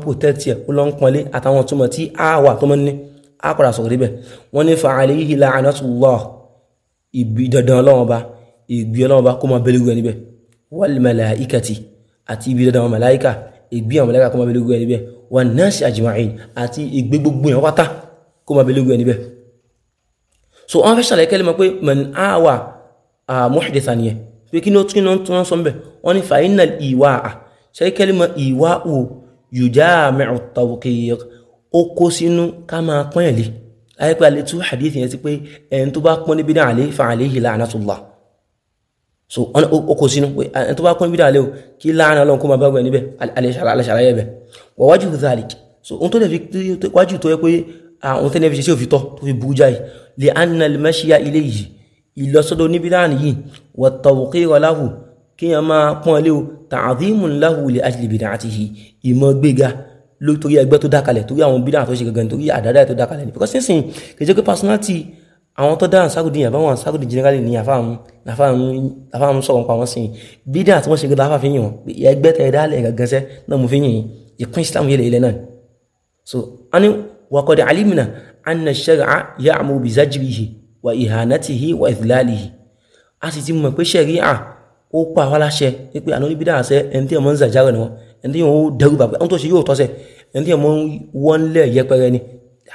ẹ̀ ó lọ ń àtàwọn túmọ̀ tí a wà tó mọ́ ní a padà sọ̀rọ̀ débẹ̀ wọ́n ní fàálẹ̀ yìí la ànátúwọ̀ ìbí dandan ọlọ́wọ́n ba ìgbé ọlọ́wọ́n ba kó máa bẹ́lẹ́ gbẹ níbẹ̀ wal malaikati àti ìbí dandan àwọn màláìkà ìgbé àwọn màláìkà kó máa bẹ́lẹ́ gbẹ níbẹ̀ wan nasi ajma'in àti ìgbé gbogbo yẹn so wọ́n fẹ́ ṣàlàyé man awa muhdithan yẹn pé kí ni ó tún sọ ń bẹ̀ wọ́n ní ṣe kẹ́límọ̀ ìwá ò yòjá mẹ́rùn tàwùkìyẹ ó kó sínú ká máa pọ́n ẹ̀lẹ́ ayẹ́pẹ́ alẹ́ tú hadith yẹn sí pé ẹni tó bá pọ́n níbi náà àlẹ́ fa alayhi la'natullah so ó kó sínú pé ẹni tó bá pọ́n níbi náà àlẹ́ o kí láàánà ọlọ́run kó máa bá níbẹ̀ alẹ́ṣàlàyé bẹ̀ wọ́n wájú zalik so ohun tó dẹ̀ fi wájú tó yẹ pé àwọn tẹ́lẹ̀ fi ṣe sí òfitọ́ tó fi burú jáì lè anna al-mashya ilayhi ìlọsọdọ̀ níbi náà nìyí wà tàwùkìyẹ wà láhùn kí a máa pọ́n lé o ta'dhimu lahu li ajli bid'atihi ìmọ̀ gbéga ló ẹgbẹ́ tó dákalẹ̀ torí àwọn bídà tó ṣe gangan torí àdáda tó dákalẹ̀ ní because nísìn kìí pé personality àwọn tó dá ànsárùdì yàbá wọn ànsárùdì generally ní àfáàmù sọ̀rọ̀ pa wọn sìn bídà tí wọ́n ṣe gangan afáfin wọn ẹgbẹ́ tẹ̀ dálẹ̀ gangan náà mo fi yìn ìpín Islam yẹlẹ̀ ilẹ̀ náà so a ní وقد علمنا أن الشرع يعمر بزجره وإهانته وإذلاله أتتم كشريعة ó pa àwọn aláṣẹ wípé àná níbi dáhà sẹ ẹni tí wọn ń zàjárẹ ni wọn ẹni tí wọn ó dẹrù bàbá àwọn tó ṣe yóò tọ́sẹ̀ ẹni tí wọn wọ́n lẹ̀ yẹpẹrẹ ni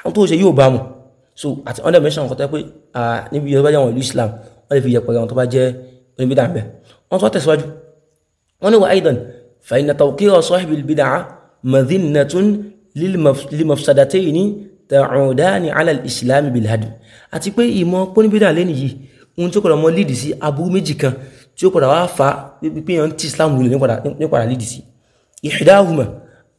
àwọn tó ṣe yóò bá mu so àti under mention nǹkan tó pé níbi yorùbá jẹ́ àwọn ìlú islam wọ́n lè fi yẹpẹrẹ àwọn tó bá jẹ́ oníbi dáhà bẹ́ẹ̀ wọ́n tó tẹ̀síwájú wọ́n ní wà aidan fàyínà tawqira sahibil bid'ah madhinnatun limafsadataini ta'udani ala al-islam bilhadm àti pé ìmọ̀ pọ́nibídà lẹ́nu yìí ohun tó kọ̀ lọ́mọ sí aburú méjì kan tí ó padà wá fa pé yàn tí islam lulẹ̀ ní padà lídìí sí ihdahuma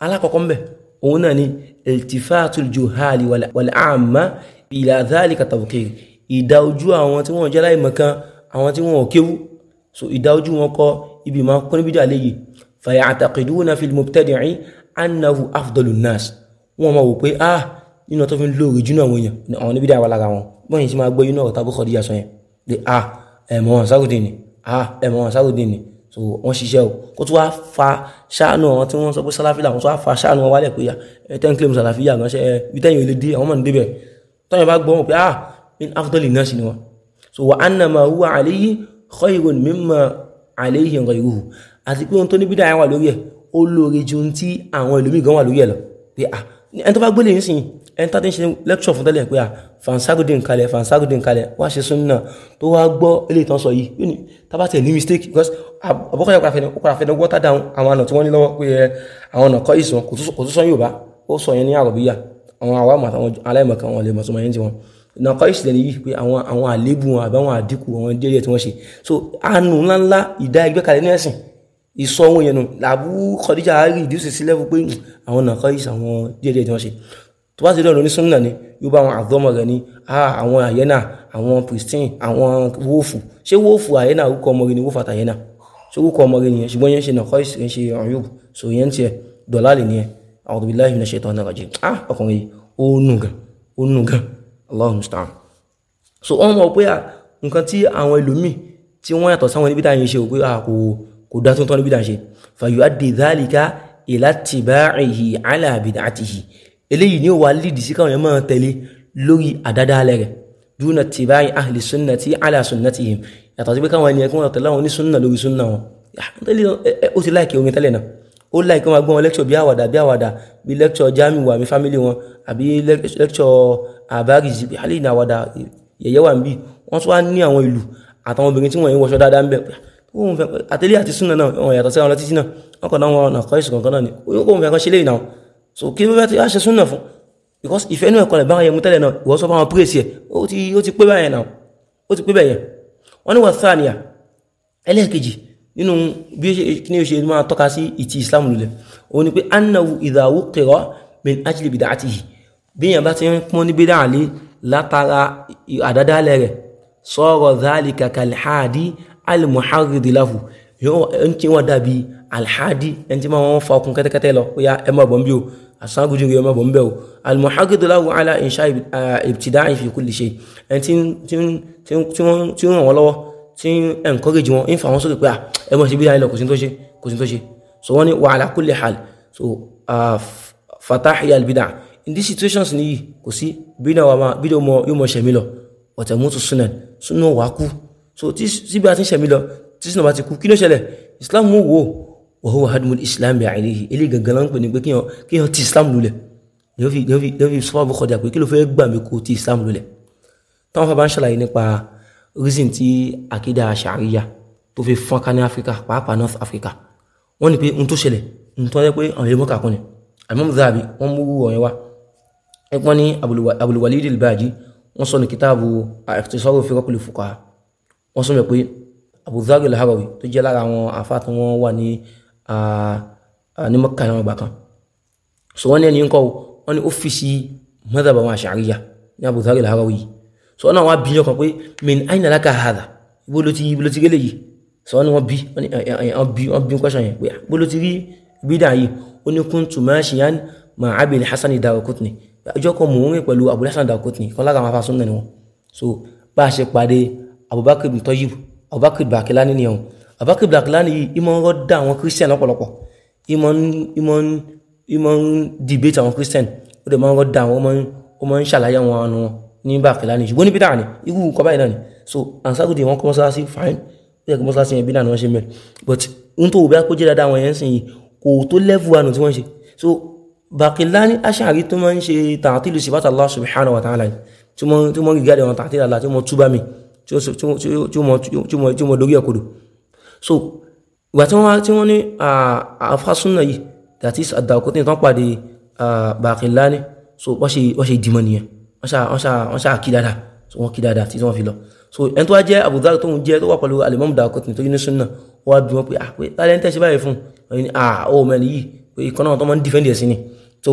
alákọ̀ọ́kọ́ mbẹ̀ òun náà ni iltifatul juhali wal amma ila dhalika tabqir ìdá ojú àwọn tí wọ́n jẹ́ láìmọ̀ kan àwọn tí wọ́n kéwú so ìdá ojú wọn kọ ibi máa kún níbi dàlẹ́ yìí fa ya'taqiduna fil mubtadi'i annahu afdalun nas wọ́n máa wò pé ah nínú tó fi ń lóore jù náà àwọn èèyàn àwọn níbi ah ẹ̀mọ̀ wọn sáwọ́dì ni so wọ́n ṣiṣẹ́ o kó tó wá fa ṣáánù wọn tí wọ́n sọ pé sálàfí làwọn tó wá fa ṣáánù wọn wálẹ̀ pé ya ah, ẹ tẹ́ ń kílèmù sálàfí yà ránṣẹ́ ẹ bí tẹ́yìn olè dé àwọn mọ̀ ní tọ́yìn bá gbọ́ pé ah min afdali náà sì ni wọn so wa annama huwa alayhi khayrun mimma alayhi ghayruhu àti pé ohun tó ní bídà yẹn wà lórí ẹ̀ ó lóore ju ohun tí àwọn ẹlòmíì gan wà lórí ẹ̀ lọ pé ah ẹni tó bá gbélé yín sìn ẹni tó ti ń ṣe lecture fún tẹ́lẹ̀ pé à fansagode nkalẹ̀ fansagode nkalẹ̀ wá ṣe súnmọ́ tó wá gbọ́ ilé ìtàn sọ yìí yóò ní tábà tẹ̀ ní mistake because àbọ̀kọ̀yà kò kàrà fẹ́ni water down àwọn àna tí wọ́n ní lọ́wọ́ pé àwọn ọ̀nà kọ́ ìsàn kò tó sọ Yorùbá ó sọ yẹn ní àrọ̀bíyà àwọn àwa àmọ̀ àtàwọn aláìmọ̀kan wọn lè mọ̀ sọmọ yẹn ti wọn nàkọ́ ìṣẹ̀lẹ̀ ni yìí pé àwọn àwọn àlébù wọn àbáwọn àdínkù àwọn délé tí wọ́n ṣe so àánú ńláńlá ìdá ẹgbẹ́ kalẹ̀ ní ẹ̀sìn ìsọ ohun yẹn nù làbú kọdíjà àárí ìdíwòsì sí lẹ́fù pé hmm, àwọn náà kọ́ ìṣe àwọn díẹ̀díẹ̀ tí wọ́n ṣe tó bá ti dọ̀rọ̀ ní súnmọ́ ni yóò bá àwọn àdọ́mọ̀ rẹ̀ ní àwọn àyẹ́nà àwọn pristine àwọn wóòfù ṣé wóòfù àyẹ́nà orúkọ ọmọ rẹ̀ ni wóòfù àtàyẹ́nà ṣé orúkọ ọmọ rẹ̀ nìyẹn ṣùgbọ́n yẹn ṣe nàkọ́ ìṣẹ̀yìn ṣe ọ̀yọ́ so yẹn tiẹ̀ dọ̀là lè nìyẹn àwọn òbí láì ah ọkùnrin ó nù gan ó nù so wọ́n mọ̀ pé nǹkan tí àwọn ẹlòmíì tí wọ́n yàtọ̀ sáwọn níbi táyà yẹn kò dá tó ń tọ́ni bídà ń ṣe fàyọ̀ adé dhalika ìlà tìbáàrìhì alábìdà àtìhì eléyìí ni ó wà lídìí sí káwọn yẹn máa tẹ̀lé lórí àdádálẹ̀ rẹ̀ dúnà tìbáàrì ahli sunnati ala sunnatihim yàtọ̀ sí pé káwọn ènìyàn kí wọ́n tẹ̀lé àwọn onísúnnà lórí súnnà wọn ó ti láìkì orin tẹ́lẹ̀ náà ó láìkì wọn gbọ́n lẹ́kṣọ̀ bí àwàdà bí àwàdà bí lẹ́kṣọ̀ jami wà mí fámílì wọn àbí lẹ́kṣọ̀ àbáríjì bí alẹ́ ìnà yẹ̀yẹ́ wà ń bì wọ́n tún wá ní àwọn ìlú àtàwọn obìnrin tí wọ́n yẹn wọṣọ dáadáa ń bẹ̀ òun fẹ́ àtẹlé àti súnà náà wọn yàtọ̀ sí àwọn ọlọ́títí náà wọn kàn náà wọn ọ̀nà kọ́ìsì kankan náà ni òun fẹ́ kan ṣe léyìn náà so kí ló fẹ́ ti ṣe súnà fún because ìfẹ́ inú ẹ̀kọ́ lẹ̀ bá wọn yẹ mú tẹ́lẹ̀ náà ìwọ sọ fún àwọn pírèsì ẹ̀ ó ti pé báyẹn náà ó ti pé bẹ́yẹn wọ́n ní wà sáàníyà ẹlẹ́ẹ̀kejì nínú bí kí ní o ṣe máa tọ́ka sí ìtì Islam lulẹ̀ òun ni pé annahu ìdàwó kẹrọ min ajli bid'atihi bí yẹn bá ti ń pọ́n ní bídà àlè látara àdádálẹ̀ rẹ̀ sọ̀rọ̀ dhalika kalhadi alimuhagidi lahu yóò tí wọ́n dàbí alhadi ẹni tí wọ́n fa okun kẹ́tẹ́kẹ́tẹ́ lọ ó yá ẹ má bọ̀ ń bí o asangudu yóò má bọ̀ ń bẹ̀ o alimuhagidi lahu ala insha ibtida fi kulli shay ẹni tí ń ràn wọ́n lọ́wọ́ tí ń encourage wọn ń fa wọn sókè pé à ẹ mọ̀ sí bí láyé lọ so wọ́n ní wa ala kulli hal so fatahi albida in these situations ni yìí kò sí bí náà wà máa bí náà yóò mọ̀ ṣẹ̀mí lọ wa tamutu sunan sunan wàá kú so tí síbi àti ìṣẹ̀mí lọ tí sinú bá ti kú kí ló ṣẹlẹ̀ islam wò wò wọ́n wà hadmul islam bí àìlè yìí eléyìí gangan ló ń pè ní pé kéèyàn ti islam lulẹ̀ yóò fi sọ́fà bọ́kọ̀dé àpè kí ló fẹ́ gbà mí kó ti islam lulẹ̀ táwọn fà bá ń ṣàlàyé nípa reason tí àkídà àṣàríyà tó fi fọ́n ká ní africa pàápàá north africa wọ́n ní pé n tó ṣẹlẹ̀ n tó yẹ pé àwọn èèmọ́ kàkún ni àmọ́mù zahabi wọ́n mú ọ̀yẹ́ wa ẹ̀pọ́n ní abulwalid al wọ́n sọ ní kitaabu al-ikhtisaru fi rọ́pìlì fuqaha wọ́n sọ pé Abu Dhar al-Harawi tó jẹ́ lára àwọn afá tí wọ́n wà ní ní Mẹ́kà kan so wọ́n ní ẹni ńkọ́ wọ́n ní ọ́fíìsì madhhab àwọn Ash'ariyya ní Abu Dhar al-Harawi so wọ́n náà wọ́n á bí lọ́kàn pé min ayna laka hadha ibo ló ti ibo ló yìí so wọ́n ní wọ́n bí wọ́n bí wọ́n bí kwẹ́sàn yẹn pé ah, ibo ló ti rí ma abil hasan ad-Daraqutni ọjọ́ kan mò ń rìn pẹ̀lú Abu Hasan ad-Daraqutni kan so bá abubakar bin tọ́yìbù abubakar bin akilani ni ọ̀hún abubakar bin akilani yìí ìmọ̀ ń rọ́dà àwọn christian lọ́pọ̀lọpọ̀ ìmọ̀ ń ìmọ̀ ń ìmọ̀ debate àwọn christian ó dẹ̀ máa ń rọ́dà àwọn ó máa ń ṣàlàyé àwọn àna wọn ní bá akilani ṣùgbọ́n níbi dáhà ni irú nǹkan báyìí náà ni so ansagudi wọn kọ́ mọ́sálásí fine ó yẹ kí mọ́sálásí yẹn bí náà ni wọ́n ṣe mẹ́rin but n tó bá kó jẹ́ dáadáa àwọn yẹn sìn yìí kò tó level àná tí wọ́n ṣe so bàkìláni aṣáàrí tó máa ń ṣe tààtìlù sibata Allah subhanahu wa ta'ala tí wọ́n rí gáàdì àwọn tààtìlù Allah tí wọ́n túbá mi tí ó mọ tí ó mọ tí ó mọ lórí ẹ̀kọ́dọ̀ so ìgbà tí wọ́n tí wọ́n ní àfásúnà yìí that is àdàkùtì tán pàdé Baqillani so wọ́n ṣe wọ́n ṣe wọ́n ṣá wọ́n so wọ́n kí tí wọ́n fi lọ so ẹni tó wá jẹ́ Abu tó ń jẹ́ tó wà pẹ̀lú al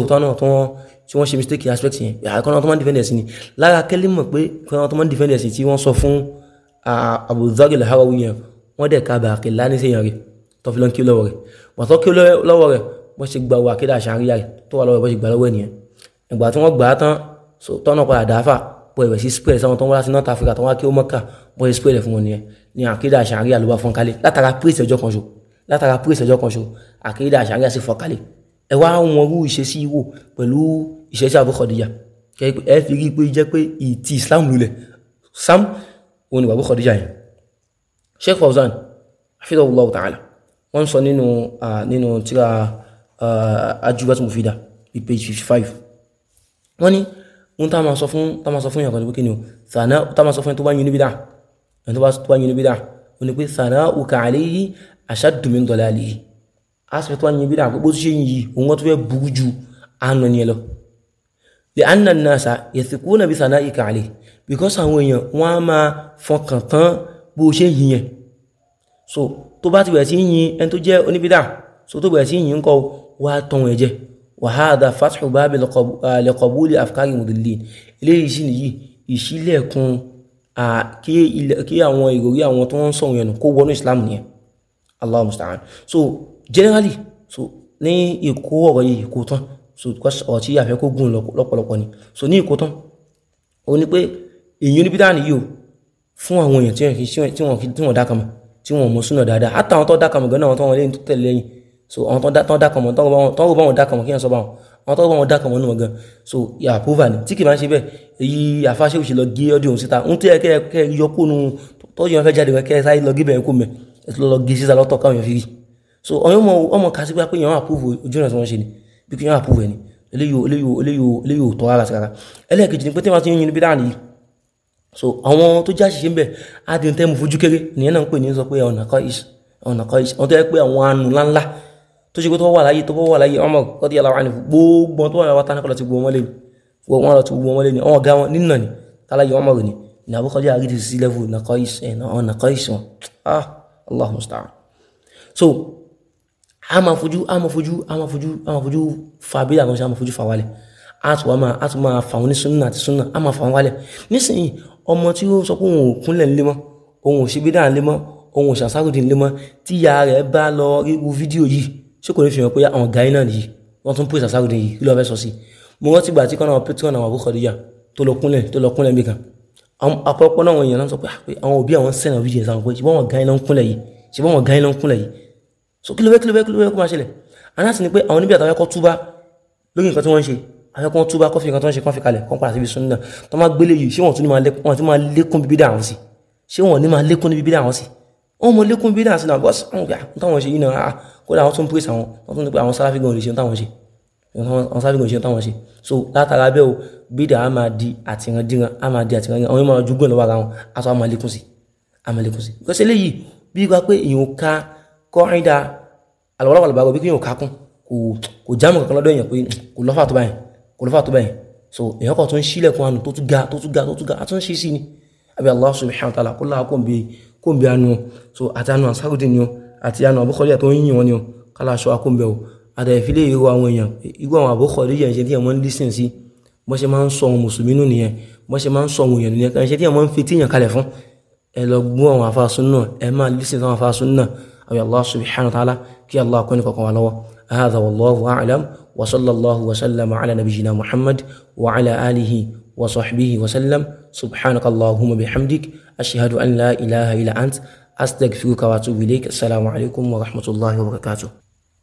so tọ́ náà tó wọ́n tí wọ́n ṣe mistake aspect yẹn àkọ́ náà tó máa ń defend ẹ̀sìn ni lára kẹ́lí mọ̀ pé kọ́ náà tó máa ń defend ẹ̀sìn tí wọ́n sọ fún Abu Dharr al-Harawi yẹn wọ́n dẹ̀ ka bàákì lánìṣẹ́yìn rẹ̀ tó fi lọ́n kí lọ́wọ́ rẹ̀ wọ́n tó kí lọ́wọ́ rẹ̀ wọ́n ṣe gba wàkídà àṣàríyá rẹ̀ tó wà lọ́wọ́ bó ṣe gbà lọ́wọ́ ènìyàn ìgbà tí wọ́n gbà á tán tọ́nà padà dáfà bó ẹ̀rẹ̀ sí spread sáwọn tó ń wá sí North Africa tó wá kí ó mọ́kà bó ṣe spread fún wọn nìyẹn ní àkídà àṣàríyá ló bá fọ́n kálẹ̀ látara praise ẹjọ́ kan ṣo látara praise ẹjọ́ kan ṣo àkídà àṣàríyá sì fọ́n kálẹ̀ ẹ wá wọn rú ìṣesí wò pẹ̀lú ìṣesí àbúkọ̀díjà ẹ fi rí pé jẹ́ pé ìtì islam lulẹ̀ sam òun ni àbúkọ̀díjà yẹn sheikh fawzan hafidhahullahu ta'ala wọ́n sọ nínú nínú tíra ajúbátí mo fi dá ní page 55 wọ́n ní wọ́n tá máa sọ fún tá máa sọ fún ìyàkọ̀ ní pé kí ni o sànà tá máa sọ fún ẹni tó bá yín níbi ẹni tó bá yín níbi dá ó ní pé sana'uka alayhi ashaddu min dalalihi asibiti wa yin bida gbogbo ṣe yi òun wọn tó fẹ́ burú ju àánú ni ẹ lọ the anna nasa yẹsìkú náà bí sànà ìkàlẹ because àwọn èèyàn wọn á máa fọkàn tán bó ṣe yìn yẹn so tó bá ti bẹ̀rẹ̀ sí yin ẹni tó jẹ́ oníbídà so tó bẹ̀rẹ̀ sí yin kọ wá tán wọn jẹ wàhádà fathu bábí lẹkọbúlì afkari mudilin eléyìí sì nìyí ìṣílẹ̀kùn kí àwọn ìròrí àwọn tó ń sọ̀rọ̀ yẹn kó wọnú islam nìyẹn allah musta'an so generally so ní ìkó ọ̀rọ̀ yìí ìkó tán so ọ̀rọ̀ tí àfẹ́ kó gùn lọ́pọ̀lọpọ̀ ni so ní ìkó tán ó ní pé èyí oníbídà nìyí o fún àwọn èèyàn tí wọ́n kì tí wọ́n dákàmọ tí wọ́n mọ̀ súnà dáadáa àtàwọn tó dákàmọ gan náà wọ́n tó wọn lẹ́yìn tó tẹ̀lé lẹ́yìn so àwọn tó dákàmọ tó wọn bá wọn dákàmọ kí wọ́n sọ bá wọn àwọn tó bá wọn dákan wọn nù wọn gan so àpòvà ni tí kì í máa ń ṣe bẹ́ẹ̀ èyí àfáṣe òṣèlú gé ọdún òun síta ń tẹ́ kẹ́ kẹ́ yọkùnù tọ́jú wọn fẹ́ jáde wọn kẹ́ sáyé lọ gé bẹ̀rẹ̀ kó mẹ́ ẹ ti lọ gé síta lọ́tọ̀ káwọn yẹn fi rí so ọyọ́ mọ̀ ọmọ kà sí pé pé yàn àpúvò ojú ọ̀nà tí wọ́n ṣe ni bí kí yàn àpúvò ẹni eléyò eléyò eléyò eléyò tọ́ ara sára ẹlẹ́ẹ̀kejì ni pé tí ti ń yin dáhùn yìí so àwọn tó já ṣiṣẹ́ ń bẹ̀ á di tẹ́ mu fojú kéré nìyẹn náà ń pè ní sọ pé ọ̀nà kọ́ ìṣ ọ̀nà kọ́ ìṣ ọ̀n tó yẹ pé àwọn anu ńláńlá tó ṣe pé tó wà láyé tó wà láyé ọmọ kọ́dí aláwa ni gbogbo tó wà láwa tán lọ ti gbogbo wọn lẹ́nu wọn lọ ti gbogbo wọn lẹ́nu àwọn ọ̀gá nínà ni káláyé ọmọ rẹ̀ ni ìnáwó kọ́dí àrídìí sí lẹ́fù ọ̀nà kọ́ ìṣ ọ̀nà kọ́ ìṣ wọn ah Allahu musta'an so a máa fojú a máa fojú a máa fojú a máa fojú fa bí àwọn ṣe a máa fojú fa wálẹ̀ a tún wá máa a tún máa fa wọn ní súnà àti súnà a máa fa wọn wálẹ̀ nísìnyí ọmọ tí ó sọ pé òun ò kúnlẹ̀ ńlẹ̀ mọ́ òun ò ṣe bí dáhà ńlẹ̀ mọ́ òun ò ṣàṣàròdì ńlẹ̀ mọ́ tí ìyá rẹ̀ bá lọ ríru fídíò yìí ṣé kò ní fi hàn pé àwọn gáyìn náà nìyí wọ́n tún pè ṣàṣàròdì yìí kí ló fẹ́ sọ sí mo rántí gbà tí kọ́nà pétrọ́nà àwọn àbúkọ̀ ah, díyà so kí ló fẹ́ kí ló fẹ́ kí ló fẹ́ kó máa ṣẹlẹ̀ aláṣẹ ni pé àwọn oníbíà tó fẹ́ kọ́ túbá lórí nǹkan tí wọ́n ń ṣe àwọn kan túbá kọ́fì nǹkan tó ń ṣe kán fi kalẹ̀ kán padà síbi sunna tó máa gbélé yìí ṣé wọ́n tún máa lékún bíbí dà wọ́n sí ṣé wọ́n ní máa lékún bíbí dà wọ́n sí wọ́n mọ lékún bíbí dà sí náà bọ́sì àwọn gbà táwọn ṣe yìí náà ah, kódà àwọn tó ń pèsè àwọn wọ́n tún ní pé àwọn sáláfì gan ò lè táwọn ṣe àwọn sáláfì gan ò lè táwọn ṣe so látara bẹ́ẹ̀ o bídà á máa di àtìrandíran á máa di àtìrandíran àwọn yóò máa jugún lọ́wọ́ ara wọn á tún á máa lékún sí á máa lékún sí because eléyìí bí wá pé èèyàn ká kọ́ńdà àlùwàlá wà lùbàgbọ́ bí kí yóò kákún kò kò jáàmù kankan lọ́dọ̀ èèyàn pé hmm, kò lọ́fà tó báyìí kò lọ́fà tó báyìí so èèyàn kan tó ń sílẹ̀kùn àánú tó tún ga tó tún ga tó tún ga àtúnṣe sí ni àbí Allah subhanahu wa ta'ala kó láà kó ń bi kó ń bi anu so àti anu asagudin ni o àti anu abúkọ́lé àti oyin wọn ni o kálá aṣọ akóńbẹ o àtẹ̀fílẹ̀ irú àwọn èèyàn irú àwọn àbúkọ́lé yẹn ṣe tí wọ́n ń lísìn sí bọ́n ṣe máa ń sọ ohun mùsùlùmí nù nìyẹn bọ́n ṣe máa ń sọ ohun èèyàn nìyẹn kan ṣe tí wọ́n fi tíyàn kalẹ̀ fún ẹ lọ gbọ́ àwọn afásún náà ẹ máa lísìn sí àwọn afásún náà أو الله سبحانه وتعالى كي الله allah kọ́ni هذا والله أعلم وصلى الله وسلم على نبينا محمد وعلى آله وصحبه وسلم سبحانك اللهم بحمدك أشهد أن لا إله إلا أنت أستغفرك وأتوب إليك السلام عليكم ورحمة الله وبركاته